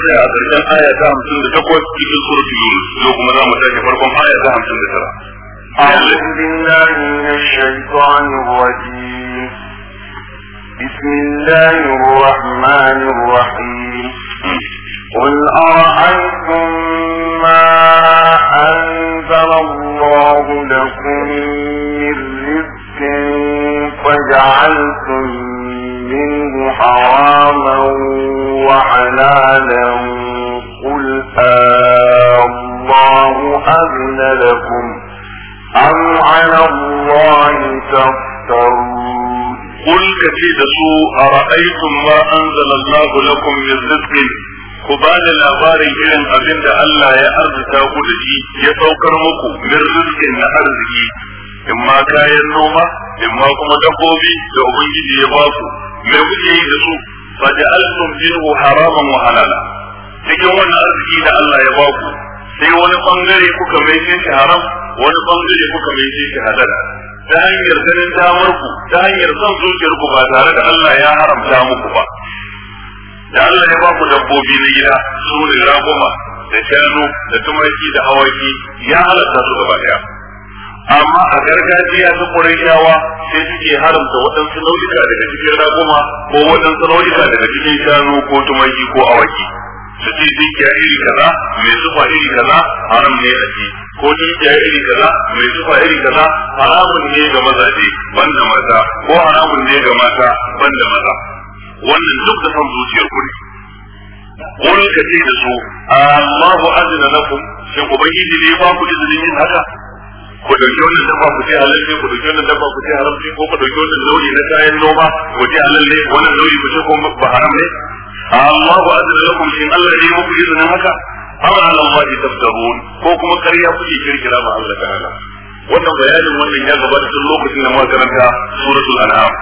tsaya a ƙarshen aya ta hamsin da takwas cikin surutu yunus yau kuma za mu tashi farkon aya ta hamsin da tara. أعوذ بالله من الشيطان الرجيم بسم الله الرحمن الرحيم قل أرأيتم ما أنزل الله لكم من رزق فجعلتم منه حراما وحلالا قل الله أذن لكم أم على الله تفترون قل كثيرا أرأيتم ما أنزل الله لكم من رزق كبال الأبار إذن أذن ألا يا أرض تأخذي يتوكر مكو من رزق أرضي إما كاين نوما إما كما تقوبي لأبنجي ديباكو me kuke yi da su fa ja'altum minhu haraman wa halala cikin wannan arziki da Allah ya ba ku, sai wani bangare kuka mai shi haram wani bangare kuka mai shi halal ta hanyar ganin damar ku ta hanyar son zuciyar ku ba tare da Allah ya haramta muku ba da Allah ya ba ku dabbobi na gida su ne raguma da shanu da tumaki da hawaki ya halatta su gaba daya amma a gargajiya ta ƙurashawa sai suke haramta waɗansu nau'ika daga cikin raguma ko waɗansu nau'ika daga cikin shanu ko tumaki ko awaki su ce dukiya iri kaza mai zufa iri kaza haram ne a ci ko dukiya iri kaza mai zufa iri kaza haramun ne ga mazaje da mata ko haramun ne ga mata ban da maza wannan duk da san zuciyar ku ne ka ce da su Allahu azina lakum shin ubangiji ne ba ku izinin yin haka ku dauki wannan dabba ku je halal ne ku dauki wannan dabba ku je haram ne ko ku dauki wannan nau'i na kayan noma ku ce halal ne wannan nau'i ku je kuma ba haram ne Allahu azza lakum in Allah ne muku izinin haka am ala Allah taftarun ko kuma ƙarya kuke kirkira ba Allah ta'ala wannan bayanin wannan ya gabata tun lokacin da muka karanta suratul an'am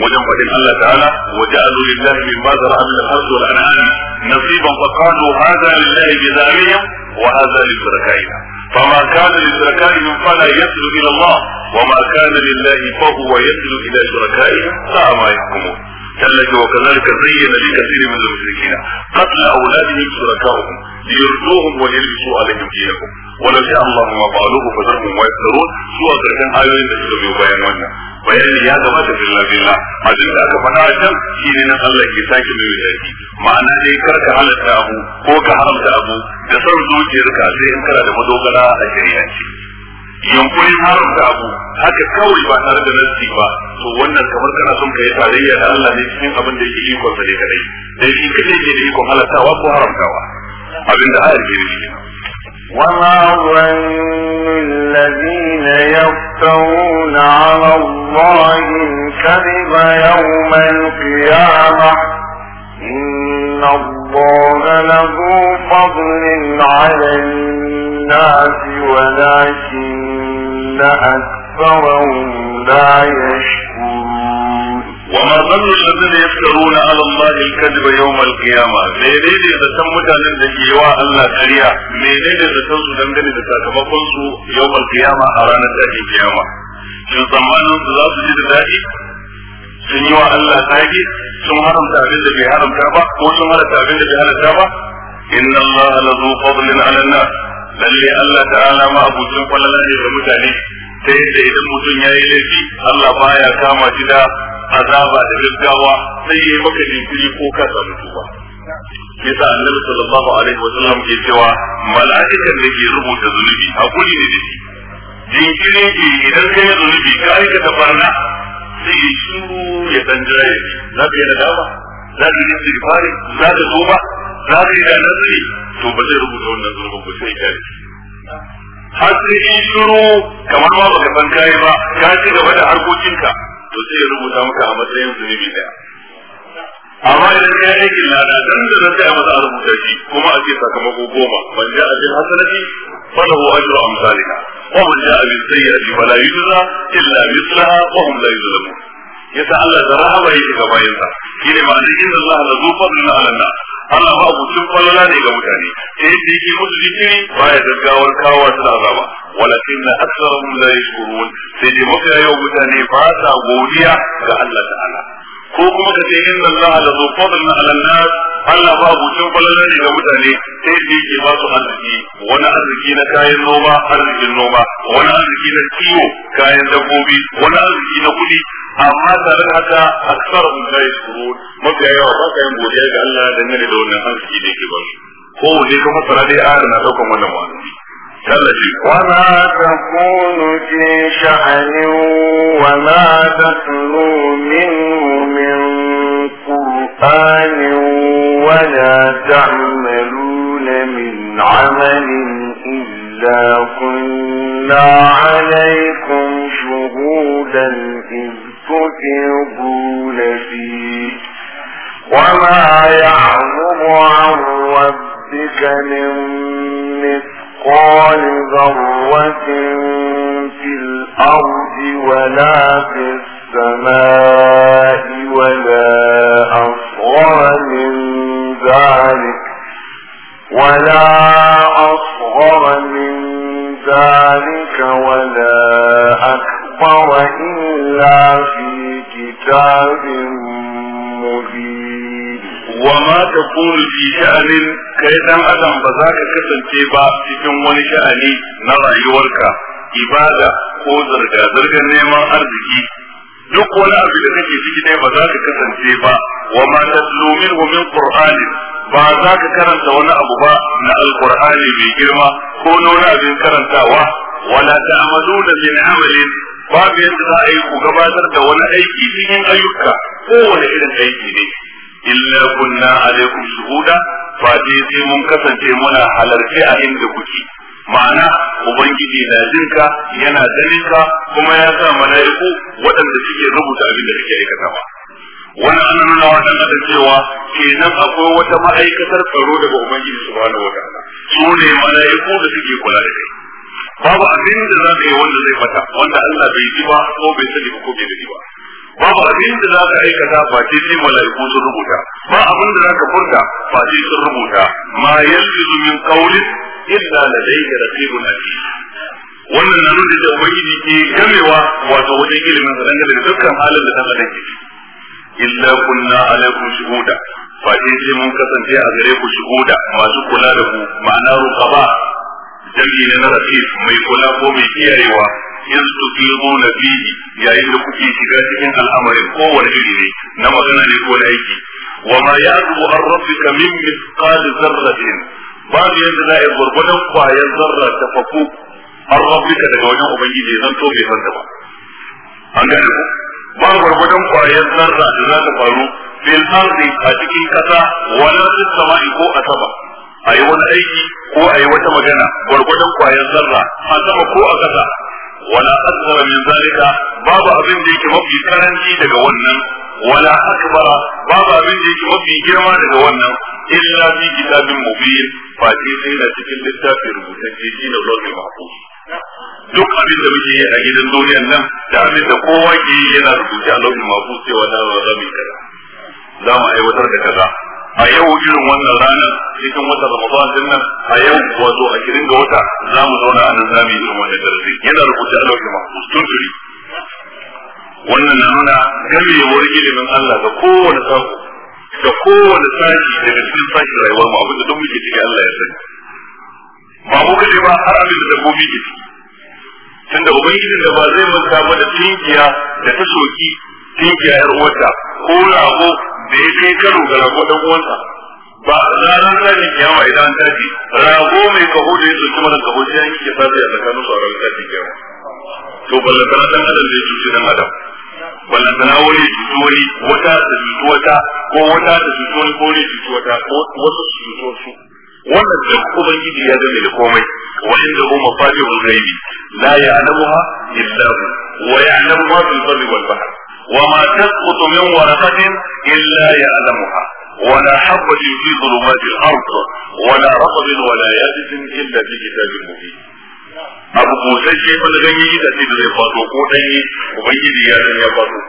wajen faɗin Allah ta'ala wa ja'alu lillahi mimma zara'a min al-ardh wal an'am nasiban fa qalu hadha lillahi bi zamihim wa hadha li فما كان لشركائهم فلا يصل الى الله وما كان لله فهو يصل الى شركائهم ساء ما يحكمون جل وكذلك زين لكثير من المشركين قتل اولادهم شركائهم liyurduhum wa yalbisu alaihim dinakum walau sha Allah ma fa'aluhu fa zarhum wa yaftarun zuwa karshen ayoyin da suka biyo bayan wannan bayani ya gabata billah billah abin da aka faɗa can shine nan Allah ke sake mai yaki ma'ana dai kar ka halatta abu ko ka haramta abu da zuciyarka sai in kana da madogara a shari'ance abu haka kawai ba tare da nasi ba to wannan kamar kana son ka yi tarayya da Allah ne cikin abin da yake ikon sa ne kadai dai shi kadai da ikon halatawa ko haramtawa ke وما ظن الذين يفترون على الله الكذب يوم القيامة إن الله لذو فضل على الناس ولكن أكثرهم لا يشكرون وما الذين يفترون على الله الكذب يوم القيامة menene da san mutanen da ke wa Allah kariya menene da san su dangane da sakamakon su yawm al a ranar da kiyama shin tsammanin su za su ji da dadi sun yi wa Allah tsaki sun haramta abin da bai haramta ba ko sun haramta abin da bai haramta ba inna Allah la zu fadlin 'ala an-nas lalle Allah ta'ala ma abucin kwallon ne da mutane da idan mutum ya yi laifi Allah baya kama shi azaba da gaggawa sai yayi maka jinkiri ko ka samu tuba yasa annabi sallallahu alaihi wa sallam ke cewa mala'ikan da ke rubuta zunubi hakuri ne da shi jinkiri ke idan kai zunubi ka aikata barna sai ya shiru ya san jira za ka yi nadama za ka yi istighfari za ka tuba za ka yi da nazari to ba zai rubuta wannan zunubin ko sai ya har sai in shiru kamar ma baka san kai ba ka ci gaba da harkokinka to sai ya rubuta maka a matsayin zunubi daya amma idan ya aikin lada dan da zai a masa a rubuta shi kuma a ce sakamako goma ban ja a bin hasanati falahu ajru amsalika wa man ja a bin sayyi'ati fala yujza illa mislaha wa hum la yuzlamun yasa Allah da rahama yake ga bayansa shine ma'anar inna Allah la zu fadlun 'ala nas Allah ba abucin kwallala ne ga mutane sai eh, yake musu jikiri baya gaggawar kawo su da azaba walakin aktharuhum la yashkurun sai dai mafiya yau mutane ba sa godiya ga Allah ta'ala ko kuma ka ce inna Allah la zu fadlan ala nas Allah ba abucin falalar ne ga mutane sai da yake ba su arziki wani arziki na kayan noma arzikin noma wani arziki na kiwo kayan dabbobi wani arziki na kuɗi amma tare da haka aksar mun shuru mafi ga Allah dangane da wannan arziki da ba ko na daukan wannan wani وما تكون في شأن وما تتلو منه من قرآن ولا تعملون من عمل إلا كنا عليكم شهودا إذ تفيضون فيه وما يعظم عن ربك من مثل مثقال ذرة في الأرض ولا في السماء ولا أصغر من ذلك ولا أصغر من ذلك ولا أكبر إلا في كتاب مبين wa ma takunu fi sha'anin kai dan adam ba za ka kasance ba cikin wani sha'ani na rayuwarka ibada ko zirga zirgar neman arziki duk wani abu da kake ciki dai ba za ka kasance ba wa ma tatlu wa min qur'anin ba za ka karanta wani abu ba na alqur'ani mai girma ko na wani abin karantawa wala ta'maluna min amalin babu yadda za a yi ku gabatar da wani aiki cikin ayyuka kowane irin aiki ne illa kunna alaikum shuhuda fa dai sai mun kasance muna halarci a inda kuke ma'ana ubangiji na jinka yana ganin ka kuma ya sa mala'iku waɗanda suke rubuta abin da suke aikata ba wannan an nuna wannan da cewa kenan akwai wata ma'aikatar tsaro daga ubangiji subhanahu wataala su ne mala'iku da suke kula da kai babu abin da za wanda zai fata wanda Allah bai ji ba ko bai sani ba ko bai ji ba ba abin da za ka aikata face shi mala'iku sun rubuta ba abin da za ka furta face sun rubuta ma yalzu min qawlin illa da da ladayhi raqibun atid wannan na nuna da ubangiji ke gamewa wato wajen ilimin sa dangane da dukkan halin da ta adam ke illa kunna alaikum shuhuda fa sai mun kasance a gare ku shuhuda masu kula da ku ma'ana rukaba jami'i na rafi mai kula ko mai kiyayewa yastufihuna fihi yayin da kuke shiga cikin al'amarin kowane iri ne na magana ne ko na aiki wa ma ya'lamu an rabbika min mithqali dharratin babu yadda za a yi gwargwadon kwayar zarra ta faku an rabbika daga wajen ubangiji zan to bai sanda ba an gane ku ba gwargwadon kwayar zarra da za ta faru fil ardi a cikin kasa wala fis sama'i ko a sama a yi wani aiki ko a yi wata magana gwargwadon kwayar zarra a sama ko a kasa wala akbar min zalika babu abin da yake mafi karanci daga wannan wala akbar babu abin da yake mafi girma daga wannan illa fi kitabin mubin fa sai cikin littafin rubutacce shi duk abin da muke yi a gidan duniyar nan da abin da kowa ke yana rubuce a lauyin mahfuz cewa da kaza za mu aiwatar da kaza a yau irin wannan ranar cikin wata ramadan din nan a yau wato a kirin ga wata za mu zauna a nan za mu yi irin wannan darasi yana rubuta a lauki mahfuz tun turi wannan na nuna gamewar ilimin Allah ga kowane sako da kowane sashi daga cikin sashin rayuwar mu abin da duk muke ciki Allah ya sani ba mu kaɗai ba har abin da dabbobi ke ciki tunda ubangijin da ba zai manta ba da tinkiya da ta soki dukiya yar uwarta ko rago da ya kai karo ga rago dan uwansa ba ranar tashin kiyama idan an tashi rago mai kaho da ya soki mana kaho shi yanki ke tashi a tsakanin su a ranar tashin kiyama to ballantana dan adam da ya cuci dan adam ballantana wani cuci wani wata da cuci wata ko wata da cuci wani ko ne cuci wata ko wasu su cuci wasu wannan duk ubangiji ya zame da komai wa inda hu mafatihul ghaibi la ya'lamuha illa hu wa ya'lamu ma fil barri wal bahr وما تسقط من ورقة إلا يعلمها ولا حبة في ظلمات الأرض ولا رطب ولا يابس إلا في كتاب مبين abu busasshe wani ganye da ce da zai faso ko ɗanye ubangiji ya san ya faso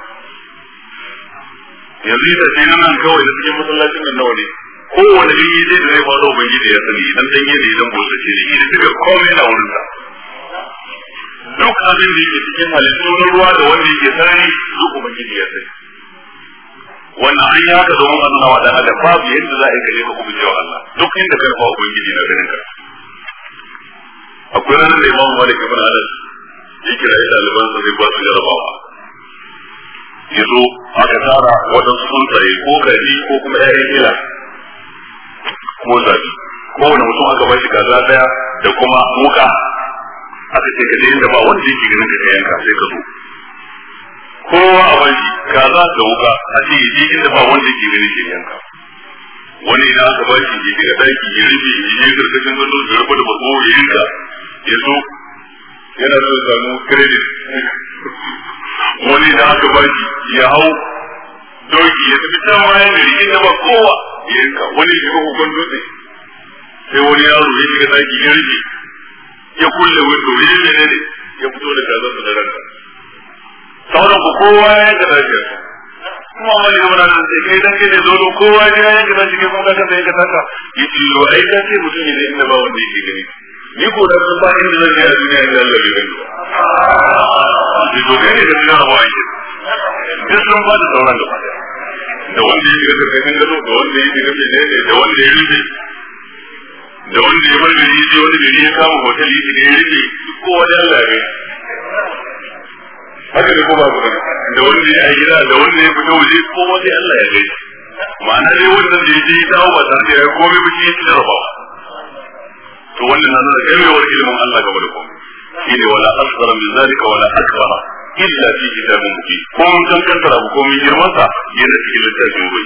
yanzu da ce nan nan kawai da cikin masallacin nan nawa ne kowane ganye zai da zai faso ubangiji ya sani idan ɗanye ne idan busasshe ne idan duka komai na wurin sa duk abin da yake cikin halittu na ruwa da wanda yake sarari duk ubangiji ya sai wannan an yi haka domin a nuna wa dan adam babu yadda za a yi kare ka kuma cewa Allah duk inda ka rufa ubangiji na ganin ka akwai ranar da imam malik ibn anas ya kira ita ɗaliban sa ba su jarabawa ya zo aka tara sun tsuntsaye ko gari ko kuma ƴaƴan ila ko zabi kowane mutum aka ba shi kaza ɗaya da kuma muka aka ce ka je inda ba wanda yake ganin ka yanka sai ka zo kowa a wani kaza da wuka a ce ya je inda ba wanda yake ganin ka yanka wani idan aka ba shi ya shiga daki ya rufe ya je karkashin gado ya rufe da bako ya yanka ya zo yana so samu credit wani idan aka ba ya hau doki ya tafi can bayan gari inda ba kowa ya yanka wani ya shiga hukun dutse sai wani yaro ya shiga daki ya rufe ya kulle window ya ne ne ya fito da gazan da ranka sauran ku kowa ya ga lafiyar kuma wani ga wannan sai kai dan kai ne zolo kowa ya ga ga shi kuma ka sai ka saka yace yo ai da sai mutum ne inda ba wanda yake gani ni ko da ba inda zan ga duniya inda gani ne da duniya ba yake duk sun ba da sauran gaba da wanda yake ga kai da wanda yake ne da wanda yake da wani da ya bar gari ya wani gari ya kama hotel ya shiga ya rufe duk kowa da Allah ya haka da kuma ba da wanda ya yi gida da wanda ya fita waje ko sai Allah ya gai ma'ana dai wannan da ya je ya dawo ba tare da ya komai ba shi ya ci jarabawa to wannan na nuna gamewar ilimin Allah gaba da komai shi ne wala asghar min zalika wala akbar illa fi kitabin mubin ko mun san kantara ko mun girmansa yana cikin littafin gobe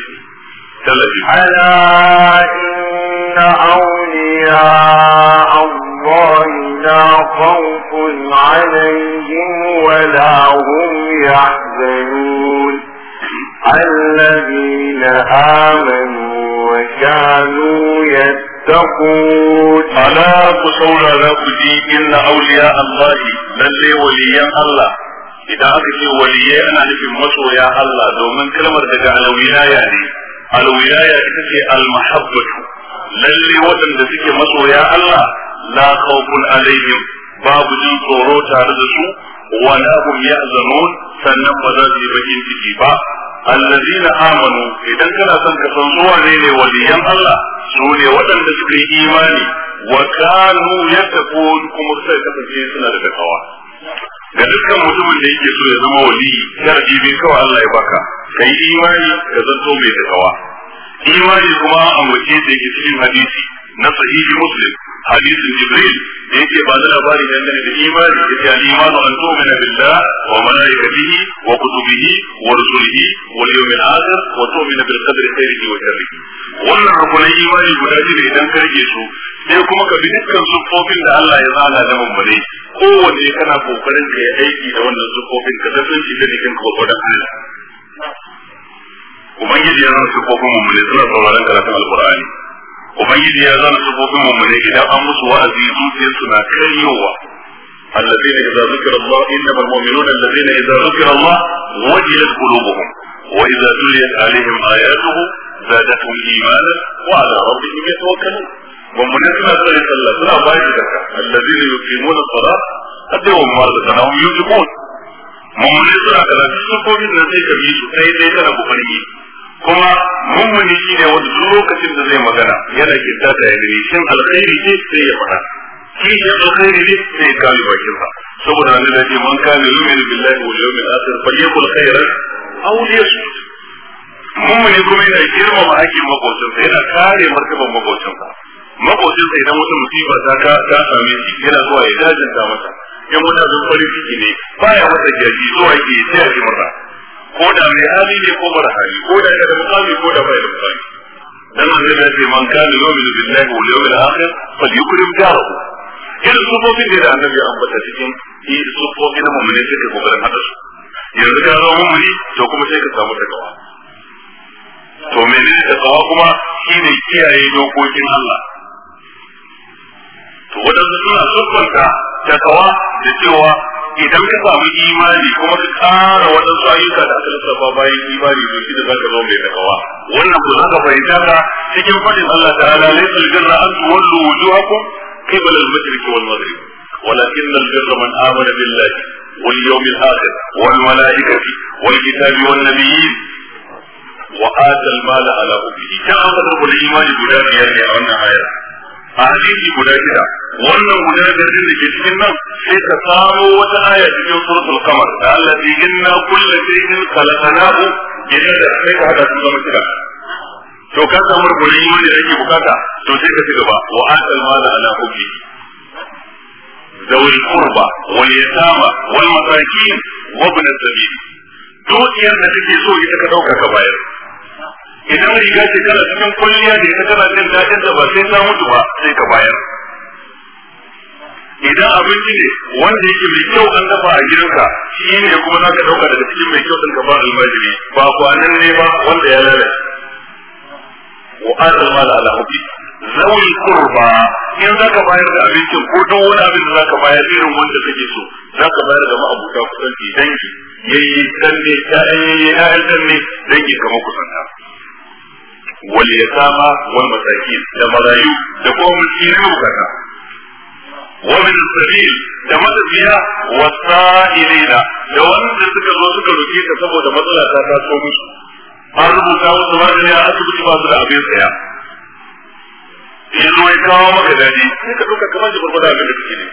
ألا إن أولياء الله لا خوف عليهم ولا هم يحزنون الذين آمنوا وكانوا يتقون ألا تصور لكي إن أولياء الله للي وليا الله إذا أكثر وليا أنا في مصر يا الله دوما كلمة daga alawina ya alwilaya ita ce almahabbatu lalle waɗanda suke masoya Allah la khawfun alaihim babu jin tsoro tare da su wala hum ya'zanun sannan ba za su yi bakin ciki ba allazina amanu idan kana son ka san zuwa wane ne waliyan Allah su ne waɗanda suka yi imani wa kanu yattaqun kuma sai kasance suna da takawa ga dukkan mutumin da yake so ya zama wali sharadi bai kawai Allah ya baka kai imani da zanto mai takawa imani kuma an wace da yake cikin hadisi na sahihi muslim hadisin jibril da yake ba da labarin yadda da imani da ya imanu an tu'mina billah wa malaikatihi wa kutubihi wa rusulihi wal yawmil akhir wa tu'mina bil qadri khairihi wa sharrihi wannan rukunin imani guda biyu idan ka rike su sai kuma ka bi dukkan sufofin da Allah ya zana da mummune kowanne kana kokarin ka yi aiki da wannan sufofin ka zafin shi da jikin kokarin Allah ubangiji ya zama sufofin mummune suna sauraron karatun alkur'ani ubangiji ya zama idan an musu wa'azi suna karyowa ومن سنة صلى الله سنة بايد ذكا الذين يقيمون الصلاة حتى يوم مارد هم يجبون ومن سنة كلا تشتفوا من نسيك بيسو أي ليس أبو فريقين kuma mummuni shi ne wanda duk lokacin da zai magana yana kinta da ya gani shin alkhairi ne sai ya faɗa shi ne alkhairi ne sai ya kame bakin sa saboda nan da ce man kana yu'minu billahi wal yawmil akhir falyakul khairan kuma girmama hakkin makocinsa kare martaban makocinsa makocinsa idan wata musiba ta ka ta same shi yana zuwa ya dajinta mata in wata zan farin ciki ne baya masa gaji zuwa ke taya shi murna ko da mai hali ne ko mara hali ko da da mukami ko da bai da mukami dan annabi ya ce man kana yu'minu billahi wal yawmil akhir falyukrim jarahu irin sufofin da annabi an bata cikin sufofi na mummuni suka kokarin hada su yanzu ka zama mummuni to kuma sai ka samu takawa to menene takawa kuma shine kiyaye dokokin Allah to wadansu suna sukunta kawa da cewa idan ka samu imani kuma ka tsara waɗansu ayyuka da aka lissafa bayan imani to shi da za ka zo mai takawa wannan ku za fahimta ka cikin faɗin Allah ta'ala laysa al-birra an tuwallu wujuhakum qibla al-mashriq wal maghrib ولكن البر من آمن بالله واليوم الآخر والملائكة والكتاب والنبيين وآتى المال على حبه كان أمر الإيمان بلا بيان عن آية a hadisi guda shida wannan guda biyar da ke cikin nan sai ka samo wata aya cikin suratul kamar. da Allah ya inna kullu shay'in khalaqnahu idan da sai ka hada su zama shida to ka samu rukunin imani da ake bukata to sai ka ci gaba wa atal mala ala hubbi zawil qurba wal yatama wal masakin wa ibn as-sabil dukiyar da take so ita ka dauka ka bayar idan riga ce kana cikin kwalliya da ita kana jin dadin da ba sai ta mutu ba sai ka bayar idan abinci ne wanda yake mai kyau an dafa a gidanka shi ne kuma za ka ɗauka daga cikin mai kyau ɗin ka ba almajiri ba kwanan ne ba wanda ya lalace wa la la hubi zawul kurba in za ka bayar da abincin ko duk wani abin da za ka bayar irin wanda kake so za ka bayar da ma'abuta ki dangi yayi danne ya'yan yayi ya'yan ne dangi kamar ka wal yatama wal masakin da marayu da kuma miskinai bukata wa min sabil da matafiya wa sa'ilina da wanda suka zo suka roke ka saboda matsala ta taso musu an rubuta wasu magani a asibiti ba su da abin saya yanzu ya kawo maka daɗi sai ka duka kamar da gurgurda abin da kake ne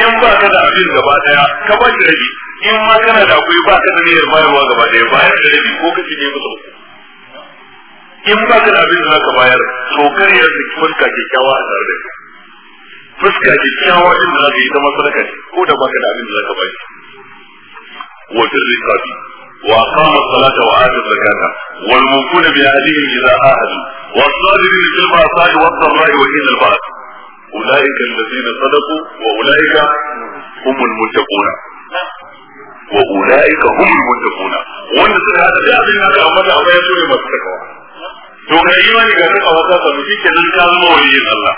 in ba ka da abin gaba daya ka ba shi in ma da akwai ba ka da niyyar bayarwa gaba daya bayan da rabi ko kace ne musu in ba ka da abin da zaka bayar to kar ya zaki fuska kyakkyawa a tare da fuska kyakkyawa din da zaka yi ta masaraka ko da ba ka da abin da zaka bayar wa tilqati wa aqama salata wa ata zakata wal mufuna bi ahlihim idha ahadu was-sabirina fil ba'sa'i was-sarra'i wa hina al-ba'th أولئك الذين صدقوا وأولئك هم المتقون da هم المتقون وأن سيهاتي أبنى أمد أبنى أبنى أبنى to ga imani ga duka wata sabu shi ke nan ka zama waliyin Allah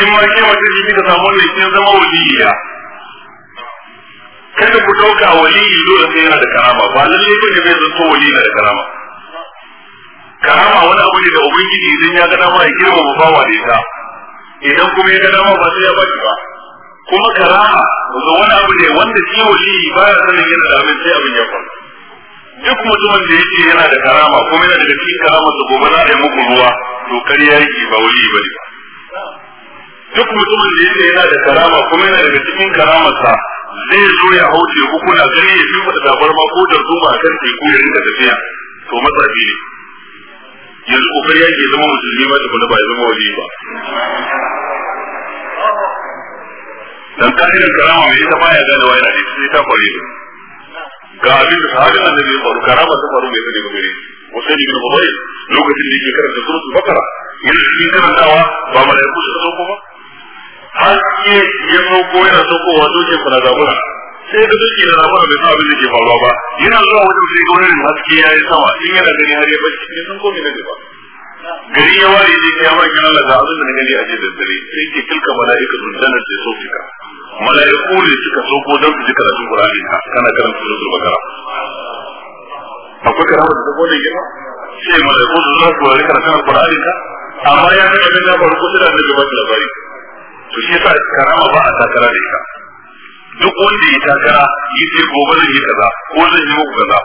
in ma ke wata shi ka samu ne kin zama waliya kada ku dauka waliyi dole sai yana da karama ba lalle ne bai zanto na da karama karama wani abu ne da ubangiji idan ya ga dama ya girma girmama bawa da ita idan kuma ya ga dama ba sai ya baki ba kuma karama wani abu ne wanda shi wali baya sanin yana da abin sai abin ya faru duk mutumin da yake yana da karama kuma yana da cikin karama da gobe za a yi muku ruwa to kariya yake ba ba ne duk mutumin da yake yana da karama kuma yana da cikin karamarsa zai zo ya hau teku kuna gani ya fi da tabarma ko da zuba a kan teku ya rinka tafiya to matsafi ne yanzu kokari ya ke zama musulmi ba tukuna ba ya zama wali ba dan ka'idar karama mai ita baya gane wani yana da ita ta ne. ga abin da sahabin annabi ya faru karama ta faru mai sani ba gare wasan ibn Ubay lokacin da yake karanta suratul Baqara yana cikin karantawa ba malaiku suka sauko ba har ke ya sauko yana saukowa dokin fara zabura sai ga doki da zabura bai san abin da ke faruwa ba yana zuwa wajen sai ga wani haske ya yi sama in yana gani har ya bashi ne san komai na ba gari ya ware je kiyama kin Allah da abin da gani a je da dare sai ke tilka mala'ika sun sanar da sautuka mala'iku ne suka sauko don su ji karatun Qur'ani kana karanta suratul Baqara akwai karatu da gode gina sai mala'iku su zo su rika karatun Qur'ani ka amma ya ga da ba ku da annabi ba da labari to shi yasa karama ba a takara da ita duk wanda ya takara yace gobe zai yi kaza ko zai yi muku kaza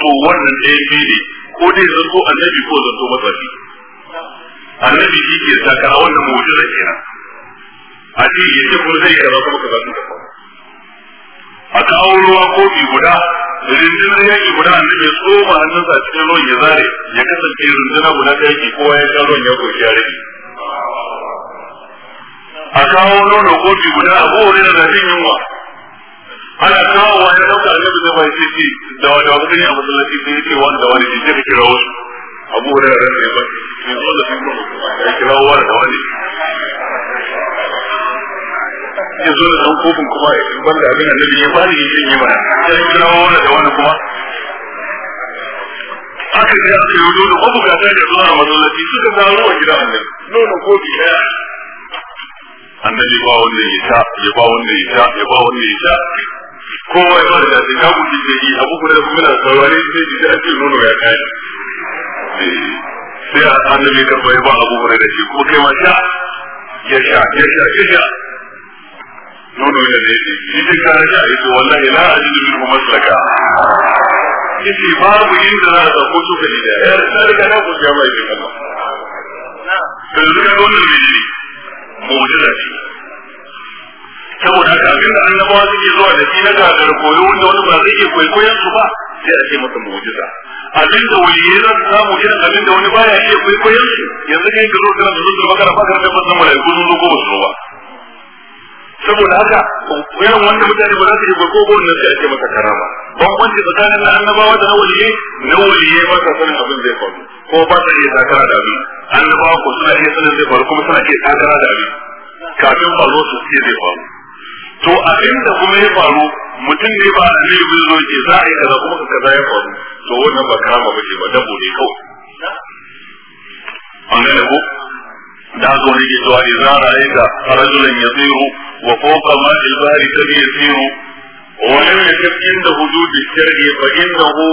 to wannan ɗaya biyu ne ko dai zan zanto annabi ko zan zanto mazafi annabi shi ke takara wannan mu'jiza kenan a ce ya ce kuma zai kaza kuma kaza kuma a kawo ruwa kofi guda rundunar yaki guda an dabe tsoma hannunsa a cikin ruwan ya zare ya kasance runduna guda ta yaki kowa ya sha ruwan ya goshi ya rage a kawo nono kofi guda a kowane da zafin yunwa ana kawo wani ɗauka annabi da bai ce ce da wani abu gani a masallaci sun yi ce wani da wani ce ka kira wasu abu da ran da ya ba shi ne ya kira wani da wani ya zo da dan kofin kuma ya yi banda abin da nabi ya bani ya yi mana sai ya kira wani da wani kuma aka je aka yi dole ko buga ta da zuwa masallaci suka zaro wa gidan annabi nono kofi daya annabi ba wanda ya sha ya ba wanda ya sha ya ba wanda ya sha Ko ya ba da sai ka guji da yi abu kuma da kuma da saurare sai ji ake nono ya kai sai annabi ka bai ba abu da shi kuma kai ma sha ya sha ya sha ya sha nuna wani da yake shi ce kare shi a yake wallahi la a jidu min babu inda za a dauko tuka ni da yar sai daga nan ku jama'a yake kuma to yanzu ka ga wannan menene mu'jiza ce saboda haka abinda annabawa suke wanda wani ba zai iya kwaikwayon sai wani baya iya kwaikwayon su yanzu kai ka zo kana da zuwa bakara bakara da fasan malaiku sun zo ko ba su zo ba saboda haka irin wanda mutane ba za su yi ba gogo wannan da ake masa karama bambanci tsakanin na annabawa da nawaliye nawaliye ba sa sanin abin zai faru ko ba sa iya takara da abin annabawa ko suna iya sanin zai faru kuma suna iya takara da abin kafin faru su ce zai faru to abin da kuma ya faru mutum ne ba ne bai zo ce za a yi kaza kuma ka kaza ya faru to wannan ba karama ba ce ba dabo ne kawai an gane ko da haka wani ke cewa idza ra'aita rajulan yasiru wa fawqa ma'i al-bahri kadhi yasiru wa lam yakif inda hudud al-shar'i fa innahu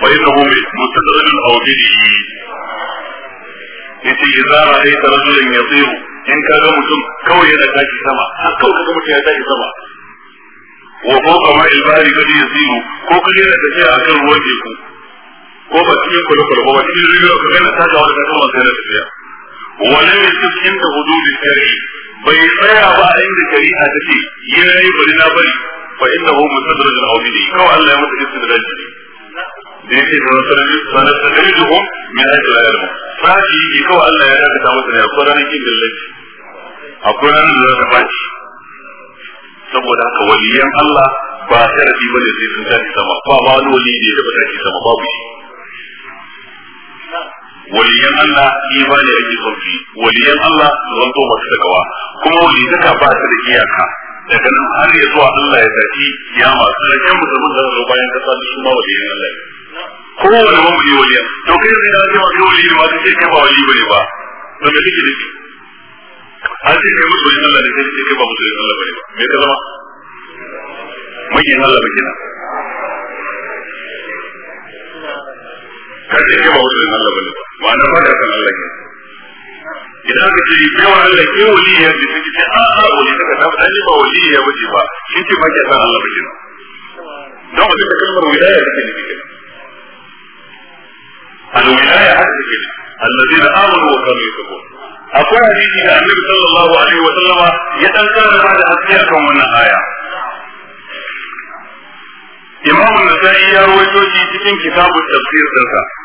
fa innahu mustadrij aw yi yace idza ra'aita rajulan yasiru in ka ga mutum kawai yana tashi sama har kawai kaga mutum ya tashi sama wa fawqa ma ilbari ta biya yasiru ko kaga yana tafiya a kan ruwan teku ko ba cikin kwale-kwale ba cikin rijiyo kaga yana tashi wani kaga wani sai na tafiya ولم يكن عند حدود الشرع bai tsaya ba a inda shari'a ta ce yayi bari na bari fa innahu mustadraj al-awli kawai Allah ya masa istidraj da yake da wasu rajin su sanar da dalilin hum ya aiki da yarma sashi yake kawai Allah ya dakata masa ne akwai ranar kin dillaci akwai ranar da ta baci saboda haka waliyan Allah ba sharadi bane sai sun tashi sama ba ba wani wali da ya taba sama babu shi waliyan Allah imani ake zurfi waliyan Allah zan to masu takawa kuma walizaka ba ta da iyaka daga nan har ya zuwa Allah ya tafi ya masu raken musulmin da zo bayan kasa da su ma waliyan Allah kowane mamuni waliyan to kai zai da ma kai waliyan ba ta ce kai ba wali bane ba to me kike nufi har sai kai musulmin Allah da kai kai ba musulmin Allah bane ba me ka zama manyan Allah ba ka ce ke wajen Allah bane ba ma'ana ba da kan Allah ke idan ka ce yawan Allah ke wali ya ce suke ah, ce a a wali ka ta ba ba wali ya wuce ba shi ce ba ke san Allah ba kenan don wajen kalmar wilaya take ne kenan الولاية حتى كده الذين آمنوا وكانوا يتقون أقول حديثي عن النبي صلى الله عليه وسلم يتنزل بعد أسياكم من آية إمام النسائي يروي توجي تكين كتاب التفسير تنسى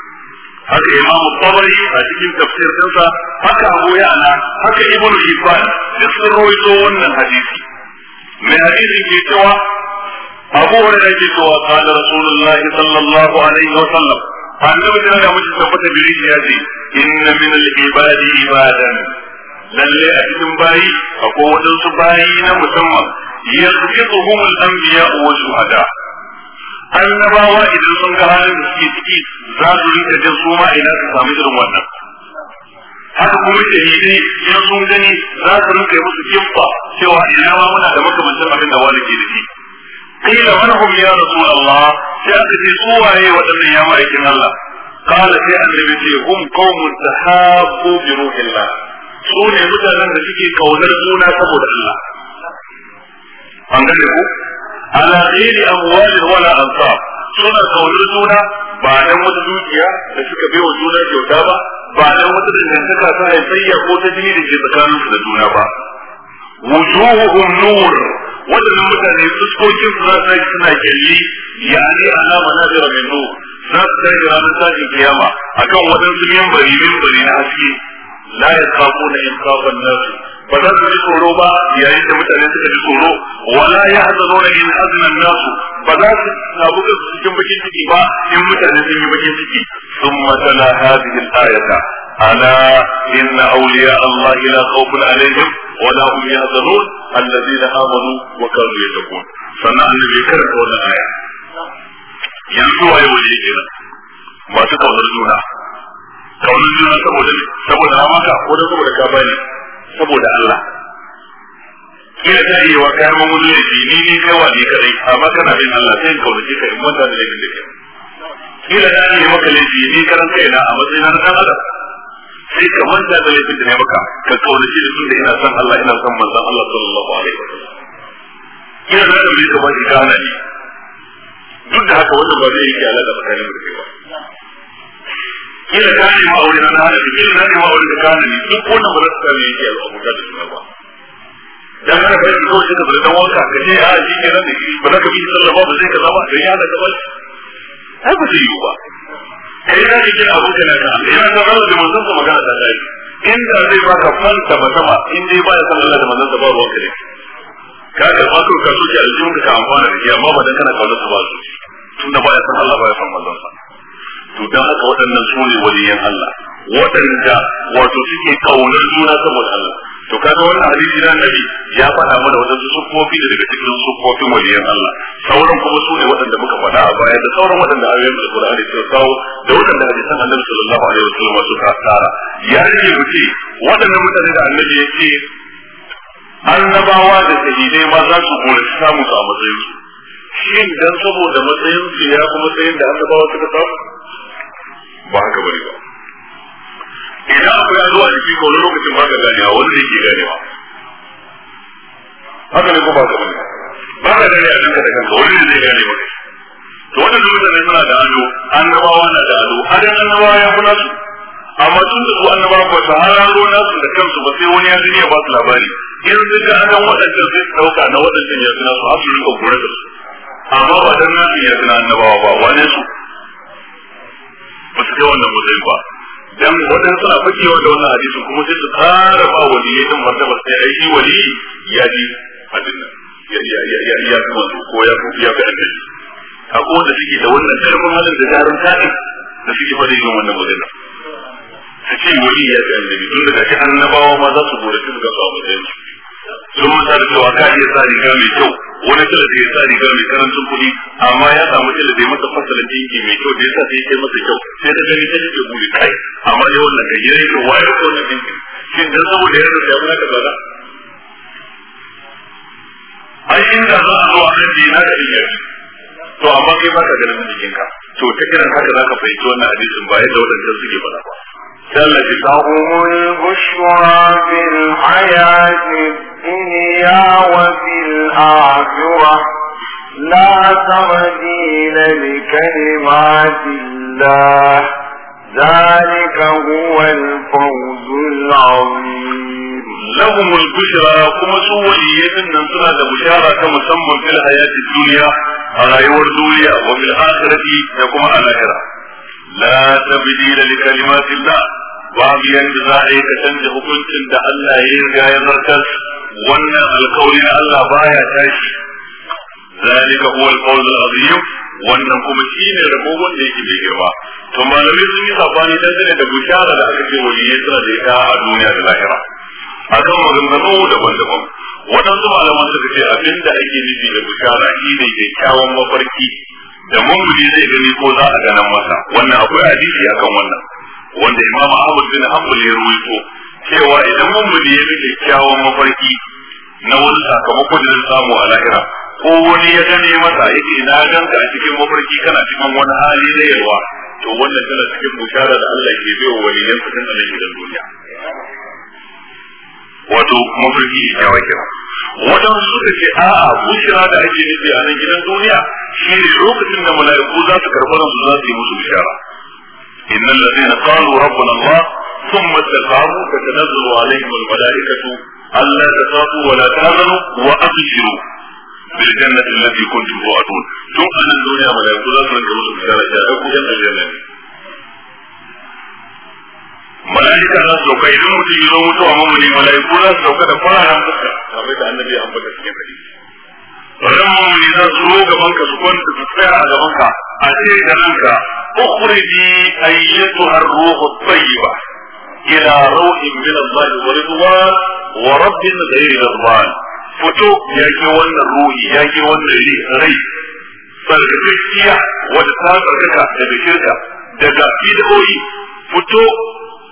haka imamu tabari a cikin tafsir dinsa haka abu yana haka ibnu hibban duk sun rawaito wannan hadisi mai hadisi ke cewa abu hurairah ke cewa qala rasulullahi sallallahu alaihi wa sallam annabi da ya mutu tabbata biriji ya ce inna min al-ibadi ibadan lalle a cikin bayi akwai wadansu bayi na musamman yanzu kitu humul anbiya wa shuhada annabawa idan sun ga halin da suke ciki za su rinka jin su ina su samu irin wannan haka kuma shahidai in sun gani za su rinka yi musu kimfa cewa ina ma muna da makamancin abin da wani ke da shi قيل من هم يا رسول الله سأتي سوى وأن يا مائكين الله قال في النبي هم قوم تحابوا بروح الله سوني متى لن تجي قولنا juna saboda Allah. an gane ku ala ghairi amwalin wala ansab suna kaunar juna ba dan wata dukiya da suka bai juna kyauta ba ba dan wata dangantaka ta haifayya ko ta jini da ke tsakanin da juna ba wujuhuhum nur wadannan mutane fuskokin su za su suna kyalli yani ala manazira min nur za su tashi ranar tashin kiyama akan waɗansu membari membari na haske la yasqaquna in qaqan nasu ba za su ji tsoro ba yayin da mutane suka ji tsoro wala ya hazano da in azna nasu ba za su samu kansu cikin bakin ciki ba in mutane sun yi bakin ciki ثم تلا هذه الآية ألا إن أولياء الله لا خوف عليهم ولا هم يحزنون الذين آمنوا وكانوا يتقون sannan annabi ya karanta wannan aya yanzu waye waje kenan masu kaunar juna kaunar juna saboda ne saboda amaka ko da saboda ka bani saboda Allah kila ta yi wa kayan mamuni laifi ni ni kai wa ni kadai amma kana bin Allah sai ka wuce ka in wanda da laifin da ke kila ta yi maka laifi ni karan kai na a matsayin na kan adam sai ka manta da laifin da ne maka ka kaunaci da tun da ina son Allah ina son manzon Allah sallallahu alaihi wa wasallam kila ta yi ka ba shi kana ni duk da haka wannan ba zai yi kyala da tsakanin mu da ba kila ka ne aure na na halabi kila na ne ma'aure da kana ne duk wannan ba za su sami yake al'abuta da suna ba dan haka bai zo shi da dan wanka ka ce a ah, shi ke nan ba za ka bi sallah ba ba zai kaza ba da ya da gaba ai ba zai yi ba kai na ne kira abokan ka yana ta rawa da manzon sa magana da dai da zai baka fanta ba sama in dai ba ya san Allah da manzon sa ba ruwan ka ne ka karɓa to ka soke aljihun ka amfana da shi amma ba dan kana kaunar su ba su tunda ba ya san Allah ba ya san manzon sa to dan haka waɗannan su ne waliyan Allah waɗanda wato suke kaunar juna saboda Allah to kaga wannan hadisi na nabi ya faɗa mana su sufofi da daga cikin sufofin waliyan Allah sauran kuma su ne waɗanda muka faɗa a baya da sauran waɗanda ayoyin da Qur'ani suka kawo da waɗanda hadisan Annabi sallallahu alaihi wasallam suka tsara ya rage mu ce waɗannan mutane da Annabi ya ce annabawa da shahidai ma za su gore samu su a matsayin su shin dan saboda matsayin su ya kuma matsayin da annabawa suka samu ba haka bane ba idan abu ya zuwa jiki ko lokacin ba ka ganewa wanda yake ganewa haka ne ko ba ka bane ba ka gane abin ka da kanka wani ne zai gane ba. to wannan mutane suna da ado annabawa na da ado adan annabawa ya fi su. amma tun da su annabawa ba su hararo nasu da kansu ba sai wani ya gani ya ba su labari in sun ga adan waɗancan sai su ɗauka na waɗancan ya fi su har su rika gore da su amma ba dan nasu ya fi annabawa ba wane su ba su kai wannan matsayin ba dan wadan suna fakewa da wannan hadisi kuma sai su tsara ba waliyai din martaba sai ai shi wali ya ji hadin nan ya ya ya ya ya kuma ko ya ko ya ga annabi akwai wanda suke da wannan karfin halin da jarin ta'i da suke fada yin wannan magana su ce wali ya ga annabi tun daga shi annabawa ma za su gore su ga su a matsayin sun manta da cewa ka iya sa riga mai kyau wani kila da ya sa riga mai karancin kuɗi amma ya samu kila da ya masa fasalin dinki mai kyau da ya sa sai masa kyau sai da gani ta ke buri kai amma dai wannan kai ya rike wayar da wannan dinki shin dan saboda ya rasa ya muna da bala ai inda za a zo a kan dina da iya to amma kai ba ka ganin jikinka to ta irin haka za ka fahimci wannan hadisin ba yadda waɗancan suke faɗa ba تلجأهم البشرى في الحياة الدنيا وفي الآخرة لا تبديل لكلمات الله ذلك هو الفوز العظيم لهم البشرى كما سوى إيهن نمتنا بشارة سمى في الحياة الدنيا على يور الدنيا وفي الآخرة يقوم على الآخرة la tabdila li kalimatillah babu yanda za a yi ka canza hukuncin da Allah ya riga ya zartar wannan alkawari na Allah baya tashi zalika huwa alqawl alazim wannan kuma shine rabo wanda yake bai girma to malamai sun yi sabani dangane da bushara da aka ce waliyai suna da ita a duniya da lahira akan maganganu daban-daban abinda ake nufi da shine kyakkyawan mafarki da mummuni zai gani ko za a ganin masa wannan akwai hadisi akan wannan wanda imamu ahmad bin hanbal ya cewa idan mummuni ya bi kyakkyawan mafarki na wani sakamako da zai samu a lahira ko wani ya gane masa yake na ganka a cikin mafarki kana cikin wani hali na yalwa to wannan tana cikin bushara da Allah ke bai wa waliyan cikin anan da duniya wato mafarki ne kyawa kenan waɗansu suka ce a'a bushara da ake nufi a nan gidan duniya shi ne lokacin da mala'iku za su karɓi ransu za su yi musu bishara innal ladina qalu rabbana allah ثم استقاموا تتنزل عليهم الملائكة ألا تخافوا ولا تهزنوا وأبشروا بالجنة التي كنتم توعدون ثم أن الدنيا ملائكة لا تنزل بشارة يا أبو الجنة mala'ika za su dauka idan mutum ya zo mutuwa mamuni mala'iku za su dauka da fararen fuska kamar da annabi an bada cikin hadisi wannan mamuni za su zo gaban ka su kwanta su tsaya a gaban ka a ce da ranka ukhriji ayyatu ar-ruhu at-tayyiba ila rawhin min Allah wa ridwan wa rabbin ghayri ridwan fito ke wannan ruhi yake wannan rai sarkakkiya wadda ta sarkaka daga shirka daga bid'o'i fito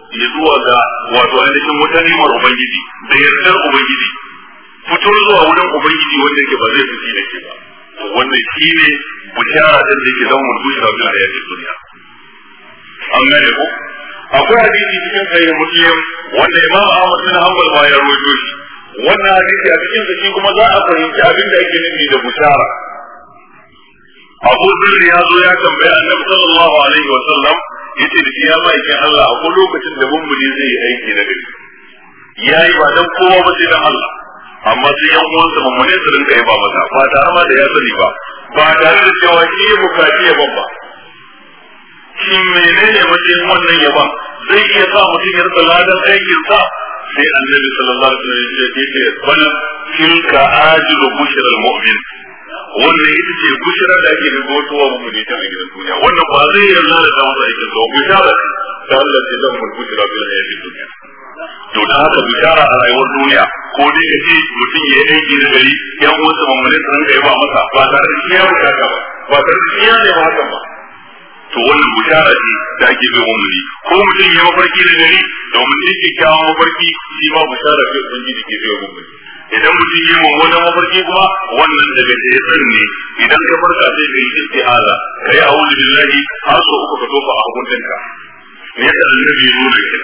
ya zuwa ga wato ainihin wata nemar ubangiji da yardar ubangiji fito zuwa wurin ubangiji wanda yake ba zai fi da ke ba to wannan shi ne bishara din da yake zama mulkushi rabin hayatin duniya an gane ko akwai hadisi cikin sahih muslim wanda imam ahmad bin hanbal ma ya rawaito shi wannan hadisi a cikin sa kuma za a fahimci abin da ake nufi da bushara abu zurri ya zo ya tambaya annabi sallallahu alaihi wa sallam yace da ya ma yake Allah a kowane lokacin da mun muni zai yi aiki na gari yayi ba dan kowa ba sai dan Allah amma sai yan uwan sa mamane su rinka yaba masa ba tare ma da ya sani ba ba tare da cewa shi mukati ya ban ba shi menene matsayin wannan ba zai iya sa mutum ya rasa ladan aikin sa sai annabi sallallahu alaihi wasallam ya ce tilka ajilu bushral mu'min wannan ita ce bushara da ake da gotuwa mu ne ta gidan duniya wannan ba zai yi lalata da masa aikin zuwa bushara ta Allah ce zan mun bushara bil hayati duniya to da haka bushara a rayuwar duniya ko dai ka ce mutum ya yi aiki da gari yan uwansa mamane su ranka yaba masa ba tare da shi ya bukata ba ba tare da shi ya ne ba hakan ba to wannan bushara ce da ake bai wa muni ko mutum ya mafarki da gari domin ne kyakkyawan mafarki shi ba bushara ce ubangiji ke bai wa muni idan mutum yi mummunan mafarki kuma wannan daga shaytan ne idan ka farka sai ka yi istihaza ka yi a'udhu billahi har so uku ka tofa a ka me yasa annabi ya nuna kenan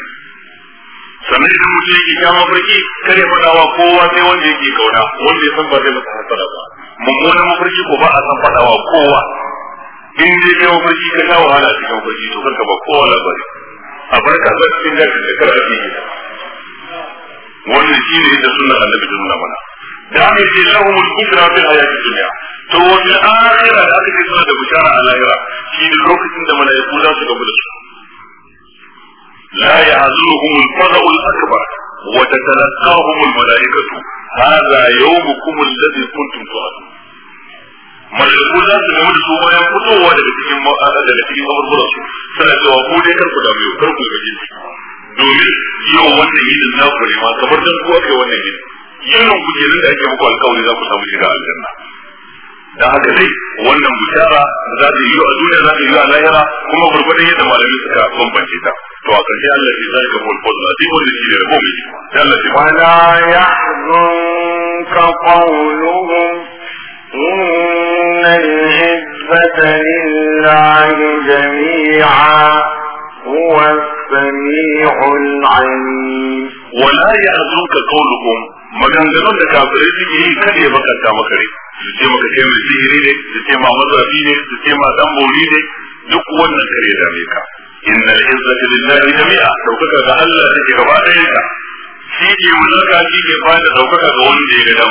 sannan idan mutum yake kama mafarki kare faɗa wa kowa sai wanda yake kauna wanda ya san ba zai masa hasara ba mummunan mafarki ko ba a san faɗa wa kowa in dai kai mafarki ka sha wahala a cikin mafarki to karka ba kowa labari a barka zai cikin dakin da kar a cikin wannan shi ne da sunan annabi ta nuna mana da aka ce lahum al-bushra fil hayati dunya to wal akhirah da aka ce suna da bushara a lahira shi ne lokacin da malaiku za su gabu da su la ya'zuruhum al-fada'u al-akbar wa tatalaqahum al-malaikatu hadha yawmukum alladhi kuntum tu'adun malaiku za su gamu da su bayan fitowa daga cikin daga cikin kaburburan su suna cewa ku dai kar ku damu kar ku gaji domin yau wannan yinin na ku ne ma kamar dan kuwa kai wannan yinin yinin ku kenan da ake muku alƙawari za ku samu shiga aljanna da haka dai wannan bishara za ta yi a duniya za ta yi a lahira kuma gurgurdan yadda malamai suka bambance ta to a ƙarshe Allah ya zaka bulbul da dai wannan shi ne rabo mai Allah ya wala yahzunka qawluhum innal izzata lillahi jami'a huwa السميع عليم ولا يحزنك قولهم maganganun da kafirai suke yi kada ya bakanta maka rai su ce maka kai mai sihiri ne su ce ma mazafi ne su ce ma dan bori ne duk wannan kare da mai ka inna al-izzata lillahi jami'a daukaka ga Allah take gaba ɗayan ka shi ne mulka shi ke fada ga wanda ya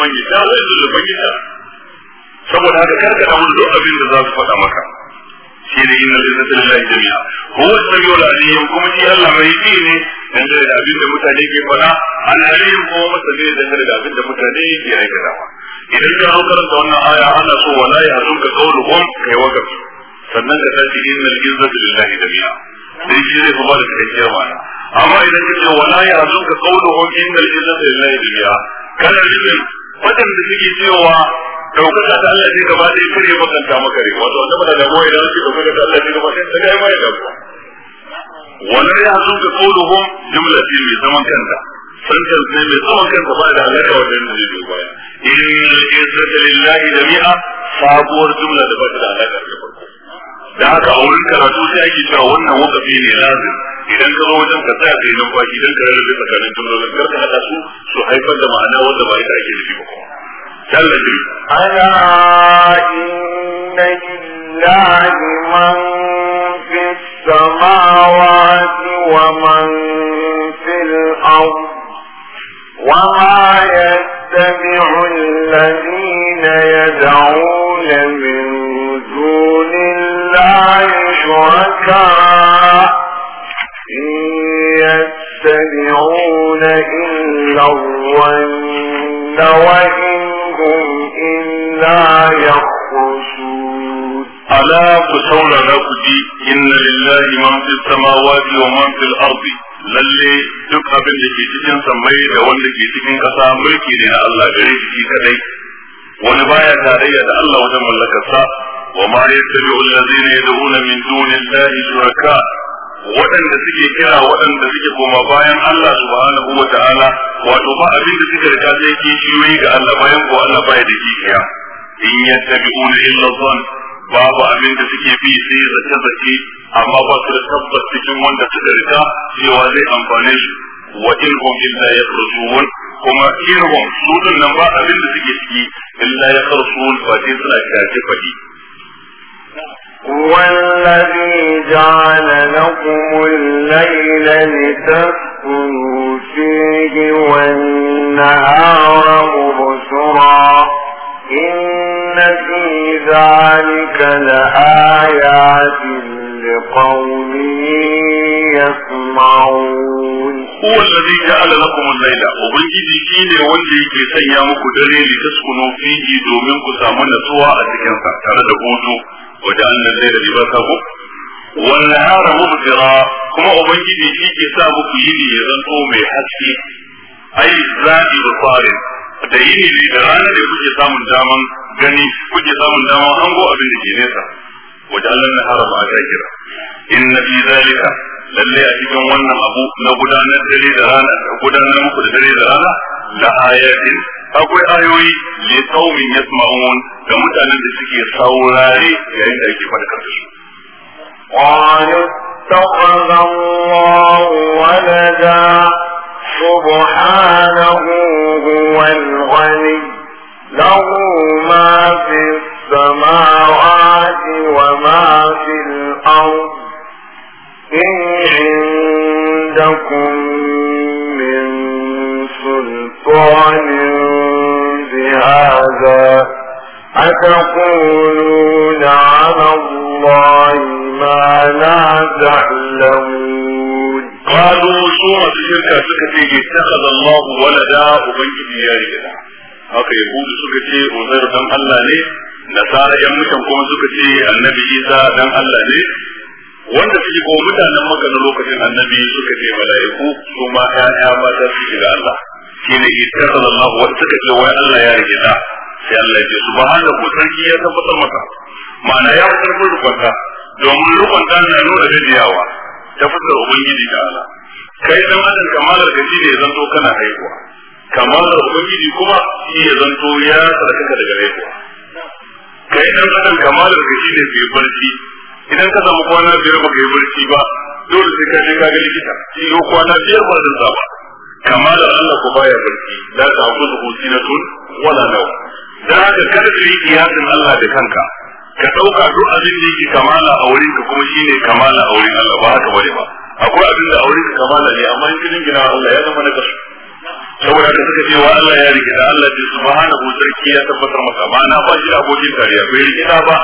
man saboda haka abin da za su faɗa maka shine inna lillahi lillahi jami'a huwa samiul alim kuma shi Allah mai ji ne dangane da abin da mutane ke faɗa alim kuma masani ne dangane da abin da mutane ke aikatawa idan ka hau karanta wannan aya ana so wala ya zunka qauluhum kai wakaf sannan ka tashi inna lillahi lillahi jami'a sai shi zai kuma da cikakkiyar ma'ana amma idan ka ce wala ya zunka qauluhum inna lillahi lillahi jami'a kana nufin waɗanda suke cewa ɗaukaka ta Allah ce gaba ɗaya kare makanta makare wato wanda ba da damuwa idan suke ɗaukaka ta Allah ce gaba ɗaya ta gaya mai damuwa wannan ya hazo ka kauluhum jumla ce mai zaman kanta sentence ne mai zaman kanta ba da alaƙa wajen da zai baya in al-izzatu lillahi da mi'a sabuwar jumla da ba ta da alaƙa da farko da haka a wurin karatu sai ake cewa wannan wakafi ne lazim idan ka zo wajen ka tsaya kai numfashi idan ka rarrabe tsakanin jumlolin kar ka hada su su haifar da ma'ana wanda ba ita ake nufi ba kuma tallafi ala inna lillahi man fi samawati wa man fil ard وما يتبع الذين يدعون من شركاء إن يتبعون إلا الظن وإن هم إلا يخرسون ألا كسولا لا كجي إن لله من في السماوات ومن في الأرض lalle duk abin da ke cikin sammai da wanda ke cikin ƙasa mulki ne na Allah gare shi kadai wani baya tarayya da Allah wajen mallakarsa وما يتبع الذين يدعون من دون الله شركاء waɗanda suke kira waɗanda suke koma bayan Allah subhanahu wa ta'ala wato ba abin da suke rika sai kishiyoyi ga Allah bayan ko Allah baya da kishiya in yattabi'una illa dhann babu abin da suke bi sai zace zace amma ba su da tabbas cikin wanda suka rika cewa zai amfane shi wa in hum illa su ba suke ciki هو الذي جعل لكم الليل لتسكنوا فيه والنهار مبصرا إن في ذلك لآيات لقوم يسمعون هو الذي جعل لكم الليل وبنجي shine wanda yake sanya muku dare litaskunu fihi domin ku samu natsuwa a وجعلنا الليل لباسه والنهار مبصرا كما ubangiji shi ke sa muku yini ya zanto mai haske ai zaɗi da tsarin da yini ne da rana da kuke samun daman gani kuke samun daman hango abin da ke nesa wajen a kira in zalika lalle a cikin wannan abu na gudanar dare da rana gudanar muku da dare da rana la ayatin akwai ayoyi li qaumin yasma'un da mutanen da suke saurare yayin da ake fadakar da su wani takhadha Allahu walada subhanahu wani, ghani lahu ma fi samawati wa ma fil ard in indakum min sultanin هذا أتقولون على الله ما لا تعلمون قالوا سورة تلك سكتي اتخذ الله ولدا أبيت بياري كذا هكا يقول سكتي وزير دم الله لي نسال يمكن كون سكتي النبي إيسا دم الله لي وانت في ko لما maganar lokacin النبي سكتي ce mala'iku su ma ya ya mata shine ittakhadha Allah wa suka ce wai Allah ya rike da sai Allah ya ce subhanahu sarki ya tabbata maka ma'ana ya fitar da kwanta domin rukunta na nuna gajiyawa ta fitar ubangiji da Allah kai dan adam kamalar gaji ne zanto kana haihuwa kamalar ubangiji kuma shi ya zanto ya sarkaka daga haihuwa kai dan adam kamalar gaji ne bai barci idan ka samu kwana biyar baka yi barci ba dole sai ka je ka ga likita shi kwana biyar ba zan ba kama da Allah ku baya barci la ta na tun wala naw Da haka kada ka yi kiyasin Allah da kanka ka ɗauka duk abin da yake kamala a wurin ka kuma shine kamala a wurin Allah ba haka bane ba akwai abin da a wurin ka kamala ne amma in kin gina Allah ya zama na kasu saboda ka suka ce wa Allah ya rike da Allah ji subhanahu sarki ya tabbatar maka ba na ba shi abokin kariya bai rike ba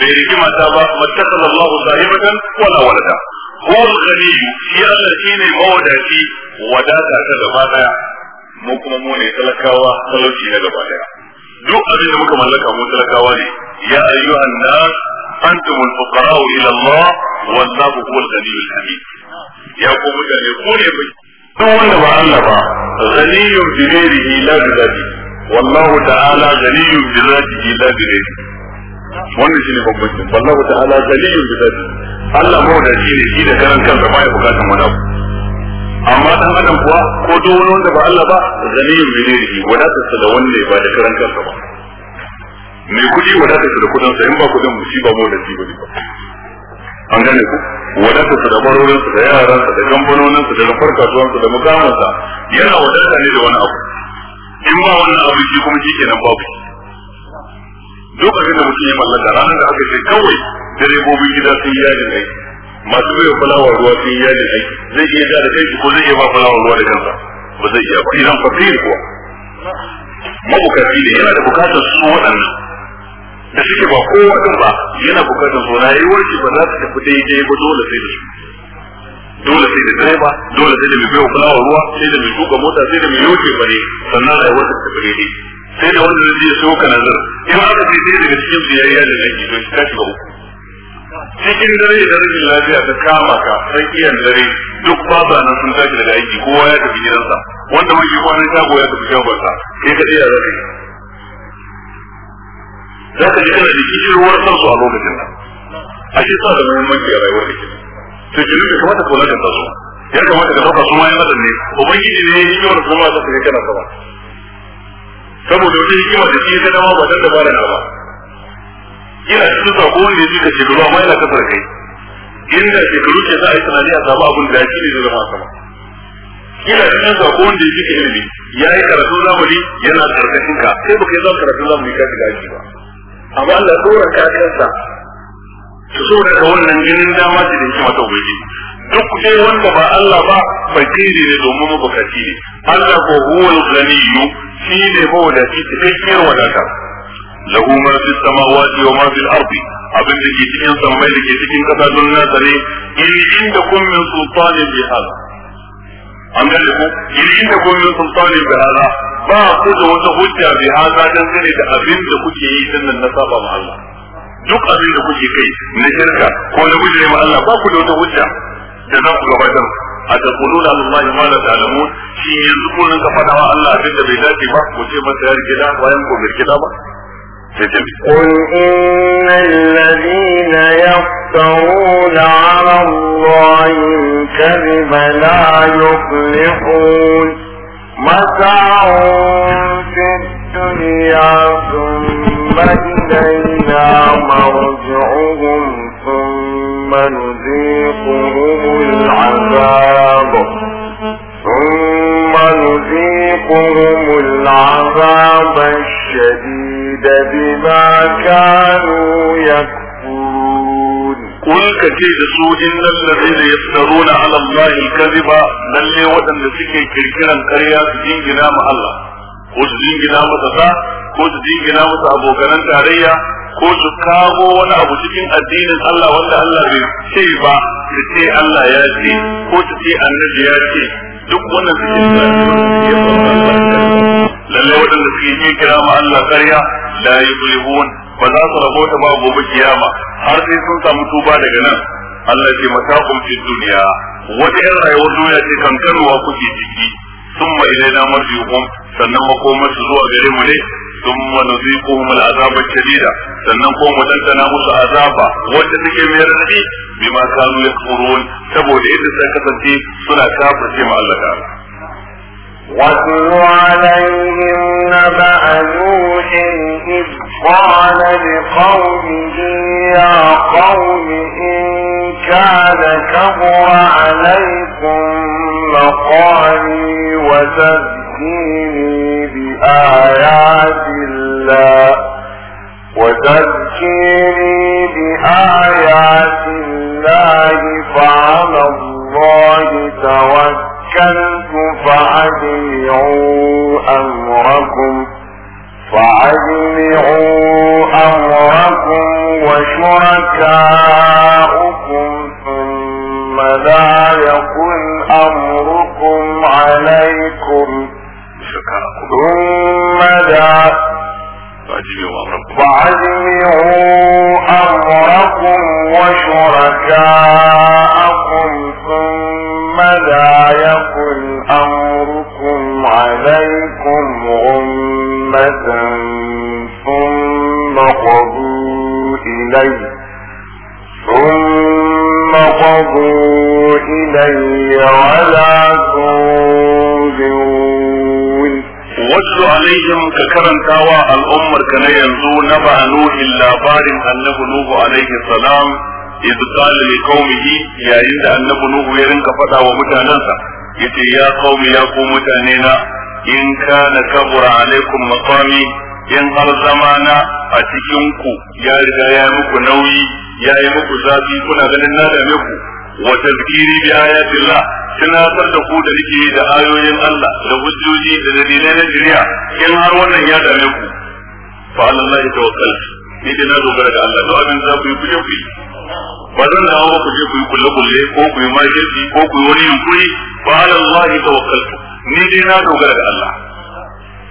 bai rike mata ba mattasallallahu sahibatan wala walada هو الغني يا الذين مودتي وداتا كذا daya mu kuma mu ne talakawa talauci na gaba duk abin da muka mallaka mu talakawa ne ya ayyuhan nas antum al-fuqara ila Allah wallahu huwa al-ghani al-hamid ya ku mutane ko ne bai duk wanda ba Allah ba ghaniyun bi ghairihi la bi dhati wallahu ta'ala ghaniyun bi dhatihi la bi ghairihi wannan shine babban wallahu ta'ala Allah shi ne shi da karan kansa baya bukatan wani abu amma dan adam kuwa ko duk wani wanda ba Allah ba zaniyun bilirihi wadatarsa da wanda ba da karan kansa ba mai kuɗi ta da kuɗinsa in ba kudin shi ba mu da shi ba an gane ku wadatarsa da barorinsa da yaransa da kamfanoninsa da rufar kasuwansa da mukamansa yana ta ne da wani abu in ba wannan abu shi kuma shi kenan babu duk abin da mutum ya mallaka ranar da aka ce kawai direbobin gida sun yi yajin aiki masu bai fulawa ruwa sun yi yajin aiki zai iya da kai ko zai iya ba fulawa ruwa da kansa ba zai iya ba idan fasiri kuwa mabukaci ne yana da bukatar su waɗannan da suke ba kowa din ba yana bukatar su na yi warki ba za su tafi daidai ba dole sai da su dole sai da direba dole sai da mai bai fulawa ruwa sai da mai tuka mota sai da mai yoke bare sannan rayuwar ta tafi daidai sai da wanda zai so kana zar in aka sai daga cikin su yayi yajin aiki to shi ka ba uku cikin dare da rashin lafiya ta kama ka tsakiyar dare duk baba nan sun tashi daga aiki kowa ya tafi gidansa wanda mai kwanan shago ya tafi shagonsa ke ka tsaya zaka yi za ka ji kana da kishirwar san su a lokacin nan a shi sa da muhimmanci a rayuwar da ke to ki nuka kamata ka wadatar da su ya kamata ka dauka su ma ya madan ne ubangiji ne ya yi yawan kuma za ka ga kana sama saboda wajen hikima da shi ya ga dama ba dan dabara na ba ina cikin sako ne ya jika shekaru amma yana kasar kai inda shekaru ke za a yi tunani a samu abin da ya ci ne zai zama sama ina cikin sako ne ya jika ilimi ya yi karatun zamani yana karkashin ka sai baka yi zama karatun zamani ka shiga aji ba amma Allah dora ka kansa su so da wannan jinin dama ce da hikima ta ubangiji duk dai wanda ba Allah ba fakiri ne domin mabukaci ne Allah ko huwa al-ghaniyyu shi ne mawadaci cikakkiyar wadata lahu ma fi samawati wa ma abin da ke cikin samai da ke cikin kasa don nasa ne in inda kun min sultanin bi hada an gane ku in inda kun min sultanin bi hada ba da wata da kuke yi na saba duk abin da kuke kai na shirka ko na gudure ma Allah ba ku da wata hujja da za ku gabatar a taquluna lillahi ma da alamu, shi yanzu kun ka fada wa Allah abin da bai dace ba ko ce masa ya rike da bayan ko bai rike ba قل إن الذين يفترون على الله الكذب لا يفلحون متاع في الدنيا ثم إلينا مرجعهم ثم نذيقهم العذاب ثم نذيقهم العذاب الشديد بما كانوا يكفرون قل كتيد سوء إن الذين يفترون على الله lalle waɗanda suke kirkiran karya su سجنجنا مع Allah. ko su jingina masa sa ko su jingina masa abokanan tarayya ko su kawo wani abu cikin addinin Allah wanda Allah bai ce ba su ce Allah ya ce ko su ce annabi ya ce duk wannan su ce waɗanda suke kira ma Allah karya la yuflihun ba za su rabota ba gobe kiyama har sai sun samu tuba daga nan Allah ce matakum fi dunya wata yan rayuwar duniya ce kankanuwa kuke ciki na ilaina marji'ukum sannan makomar su zuwa gare mu ne ثم نذيقهم العذاب الشديد sannan ko mu dandana musu azaba wanda take mai radadi bima kanu yakfurun saboda yadda suka kasance suna kafirce ma Allah ta'ala واتل عليهم نبأ نوح إذ قال لقومه يا قوم إن كان كبر عليكم مقالي وتذكيري بآيات الله وتذكيري بآيات الله فعلى الله توكل وَكَّلْتُ فَأَجْمِعُوا أَمْرَكُمْ فَأَجْمِعُوا أَمْرَكُمْ وَشُرَكَاؤُكُمْ ثُمَّ لَا يَكُنْ أَمْرُكُمْ عَلَيْكُمْ ثُمَّ لَا وأجمعوا أمركم وشركاءكم ثم ثم لا يكن أمركم عليكم غمة ثم قضوا إلي ثم قضوا إلي ولا تنظرون واتل عليهم ككرن تاوى الأمر كان ينزو نبع نوح اللابار أنه نوح عليه السلام iz qala li qaumihi yayin da annabi nuhu ya rinka faɗa wa mutanansa yace ya qaumi ya ku mutane na in kana kabura alaikum maqami in har zamana a cikin ku ya riga ya muku nauyi ya yi muku zafi kuna ganin na dame ku wa tazkiri bi da ku da nake da ayoyin Allah da hujjoji da dalilai na shari'a in har wannan ya dame ku fa Allah ya tawakkal ni na dogara ga Allah to abin za ku yi ku je ku yi ba zan dawo ba ku je ku yi kulle kulle ko ku yi makirci ko ku yi wani yunkuri ba ala Allah tawakkaltu ni dai na dogara da Allah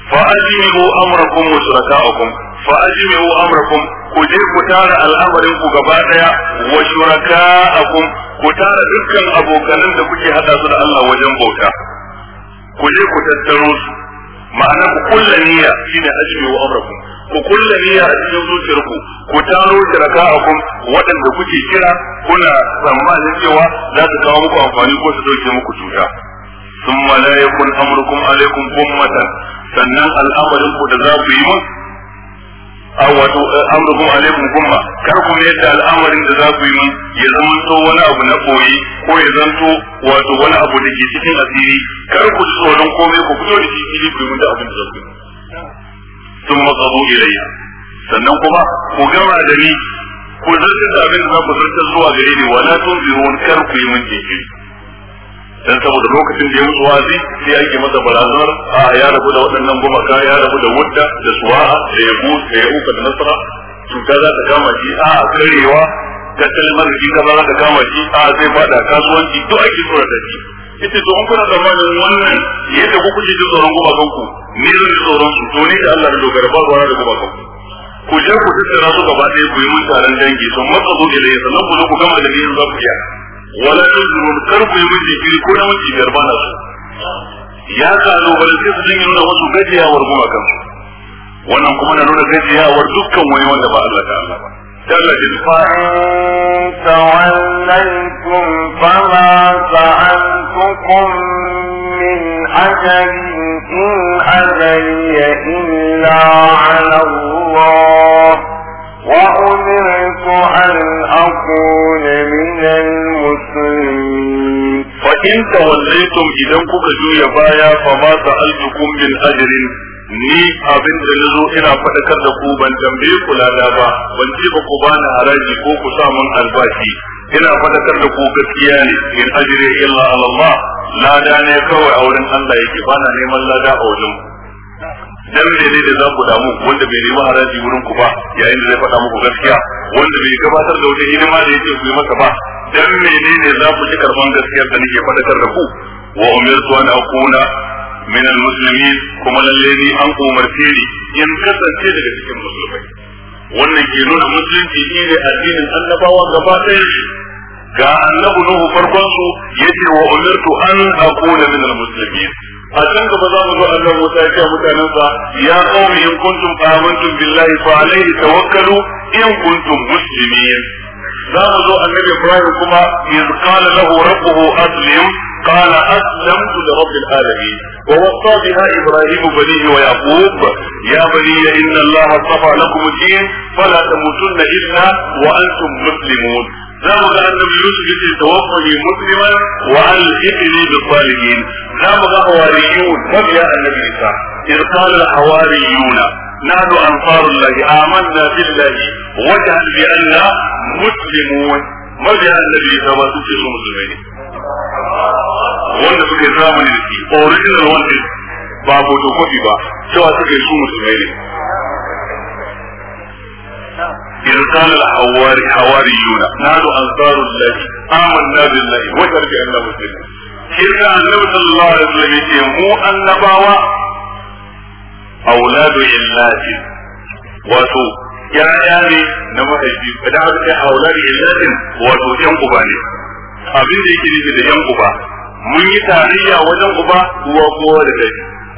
fa ajimu amrakum wa shuraka'akum fa ajimu amrakum ku je ku tara al'amarin ku gaba daya wa shuraka'akum ku tara dukkan abokanan da kuke hada su da Allah wajen bauta ku je ku tattaro su ma'ana ku kulla shine ajimu amrakum ku kulla niyya a cikin zuciyarku ku taro kun waɗanda kuke kira kuna tsammanin cewa za su kawo muku amfani ko su dauke muku cuta sun لا Amurkun أمركم عليكم أمة sannan al'amarin ku da za ku yi mun a wato eh, Amurkun alaikun kuma kar ku ne da al'amarin da za ku yi mun ya zama to wani abu na koyi ko ya zanto wato wani abu da ke cikin asiri kar ku tsoron komai ku fito da shi fili ku yi mun da abin da za ku yi sun mazabu ilayya sannan kuma ku gama da ni ku zartar da abin za ku zartar zuwa gare ni na tun bi wani kar ku yi mun jiki dan saboda lokacin da ya mutu wazi sai ake masa barazanar a ya rabu da waɗannan gumaka ya rabu da wadda da suwa da ya da ya uka da nasara cuta za ta kama shi a karewa tattalin arziki kaza za ta kama shi a zai fada kasuwanci to ake da shi ita to an kuna zamanin wannan yadda ku kuke ji tsoron gubakan kanku ni zan ji tsoron su to ni da Allah da dogara ba zuwa da gubakan kanku. ku je ku tattara su gaba ɗaya ku yi mun taron dangi sun matsa zo ilayya sannan ku zo ku gama da ni za ku iya wala ta zuru kar ku yi mun jikiri ko na mun jikiyar ba na su ya kano wani sai su jin nuna wasu gajiyawar gubakan su wannan kuma na nuna gajiyawar dukkan wani wanda ba Allah ta Allah ba فإن توليتم فما سألتكم من أجر إن أجري إلا على الله وأمرت أن أكون من المسلمين فإن توليتم إذا كنت بايا فما سألتكم من أجر ni abin da na zo ina faɗakar da ku ban tambaye ku lada ba ban ce ba ku bani haraji ko ku sa mun albashi ina faɗakar da ku gaskiya ne in ajire illa Allah lada ne kawai a wurin Allah yake ba na neman lada a wajen dan ne da za ku damu wanda bai nemi haraji wurin ku ba yayin da zai faɗa muku gaskiya wanda bai gabatar da wani hidima da yake ku yi masa ba dan ne za ku ji karban gaskiyar da nake faɗakar da ku wa umirtu an akuna min almuslimin kuma lallai ni an umarce ni in kasance daga cikin musulmai wannan ke nuna musulunci shine addinin annabawa gaba ɗaya ga annabi nuhu farkon su yace wa umirtu an aqula min almuslimin a can gaba za mu zo Allah Musa ya ce mutanen sa ya qaumi in kuntum amantum billahi fa alayhi tawakkalu in kuntum za mu zo annabi Ibrahim kuma iz qala lahu rabbuhu قال أسلمت لرب العالمين ووصى بها إبراهيم بنيه ويعقوب يا بني إن الله اصطفى لكم الدين فلا تموتن إلا وأنتم مسلمون زعم النبي يوسف توفني مسلما وألحقني بالصالحين زعم الحواريون يا النبي عيسى إذ قال الحواريون نحن أنصار الله آمنا بالله واجعل بأننا مسلمون mabiya annabi Isa ba su ce su musulmai ne wanda suka yi zamani da original ba photocopy ba cewa suka su musulmai ne إذ قال الحواري حواريون نحن أنصار الله آمنا بالله وشهد بأننا مسلمون إذ النبي صلى الله عليه وسلم يقول مو أولاد إلاف wato ya'ya ne na mahaifi ba da haka sai auladi illatin wato yan uba ne abin da yake nufi da yan uba mun yi tarayya wajen uba kuwa, kowa da kai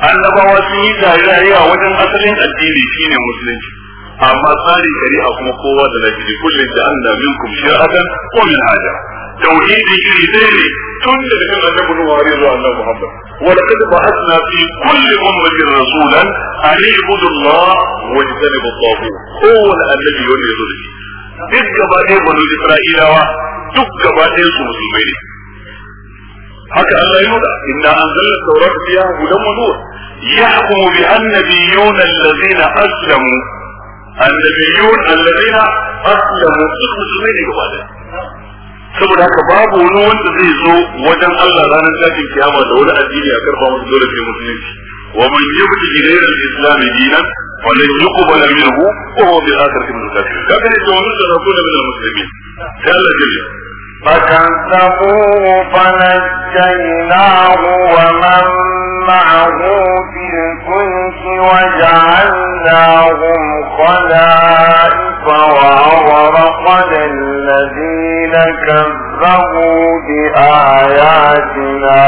annabawa sun yi tarayya wajen asalin addini shine musulunci amma tsarin shari'a kuma kowa da lafiya kullum da an damin kum shir'atan ko min haja tauhidi iri dai ne tun da daga kan annabi Nuhu har zuwa Allah Muhammad wa laqad ba'athna fi kulli ummatin rasulan an ibudu Allah wa yajtanibu at-taghut kowane annabi wanda yazo da shi duk gaba ɗaya banu Isra'ilawa duk gaba ɗaya su musulmai ne haka Allah ya nuna inna anzalna tawrata fiha hudan wa nur yahkumu bi annabiyuna allazina aslamu annabiyun allazina aslamu su musulmai ne gaba da saboda haka babu wani wanda zai zo wajen Allah ranar tashin kiyama da wani addini a karfa musu dole sai musulunci wa man yabdi ghayra al-islam dinan falan yuqbal minhu wa huwa bil akhirati min al-kafirin da na kula min al-muslimin sai Allah ya فكذبوه فنجيناه ومن معه في الفلك وجعلناهم خلائف وأغرقنا الذين كذبوا بآياتنا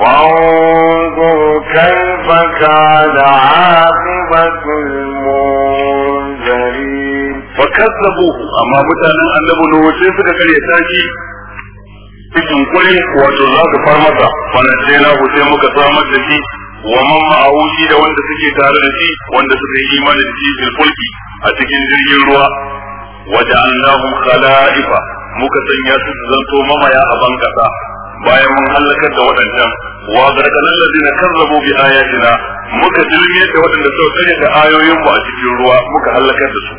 فانظر كيف كان عاقبة المؤمنين fa اما amma mutanen annabi nuhu sai suka تاجي في cikin kuri wato za su جينا masa fa najjayna sai muka samar da shi wa man ma'ahu shi da wanda suke tare wanda suka yi imani da a cikin jirgin ruwa wa khala'ifa muka sanya su su zanto mamaya a ban bayan mun halakar da wadannan wa gargalan ladina karrabu bi ayatina muka dilmiye da waɗanda suka da ayoyin ba a cikin ruwa muka halakar da su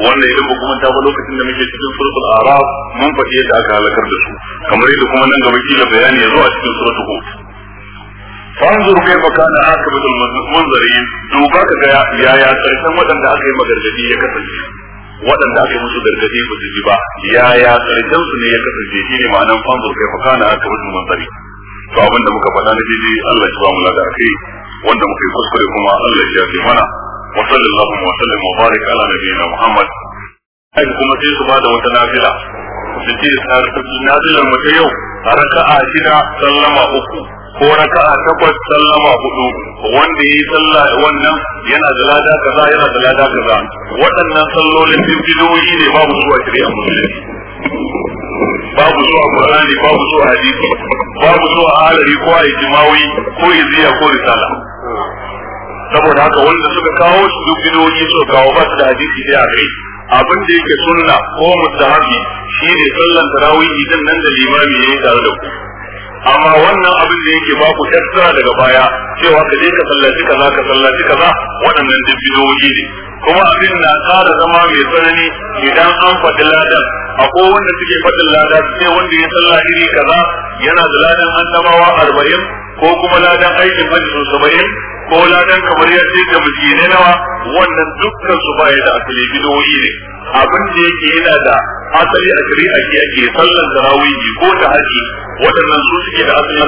wannan idan ba kuma ta ba lokacin da muke cikin suratul araf mun faɗi yadda aka halakar da su kamar yadda kuma nan gaba kila bayani ya zo a cikin suratul hud fanzur kai fa kana akibatul munzirin duba ka ga yaya karshen waɗanda aka yi magargadi ya kasance waɗanda aka yi musu gargadi ba su ji ba yaya karshen su ne ya kasance shi ne ma'anan fanzur kai fa kana akibatul munzirin to abin da muka faɗa na daidai Allah ya ba mu lada kai wanda muka yi kuskure kuma Allah ya ji mana وصلى الله وسلم وبارك على نبينا محمد ai kuma sai su bada wata nafila su ce nafilar mu ta yau raka'a shida sallama uku ko raka'a takwas sallama hudu wanda yi sallah wannan yana da lada kaza yana da lada kaza waɗannan sallolin bidiyoyi ne babu zuwa shari'a musulmi babu zuwa qur'ani babu zuwa hadisi babu zuwa alari ko ijmawi ko iziya ko risala saboda haka wanda suka kawo su duk bidoyi suka kawo ba su da hadisi dai a kai abin da yake sunna ko shi shine sallan tarawih idan nan da limami yayi tare da ku amma wannan abin da yake ba ku tattara daga baya cewa ka je ka sallaci kaza ka sallaci kaza waɗannan duk bidoyi ne kuma abin na tsara zama mai tsanani idan an faɗi ladan akwai wanda suke faɗin lada sai wanda ya salla iri kaza yana da ladan annabawa arba'in ko kuma ladan aikin majalisun saba'in ko ladan kamar ya ce ga miskinai nawa wannan dukkan su baya da asali bidoyi ne abin da yake yana da asali a shari'a ke ake sallan tarawihi ko da haji waɗannan su suke da asali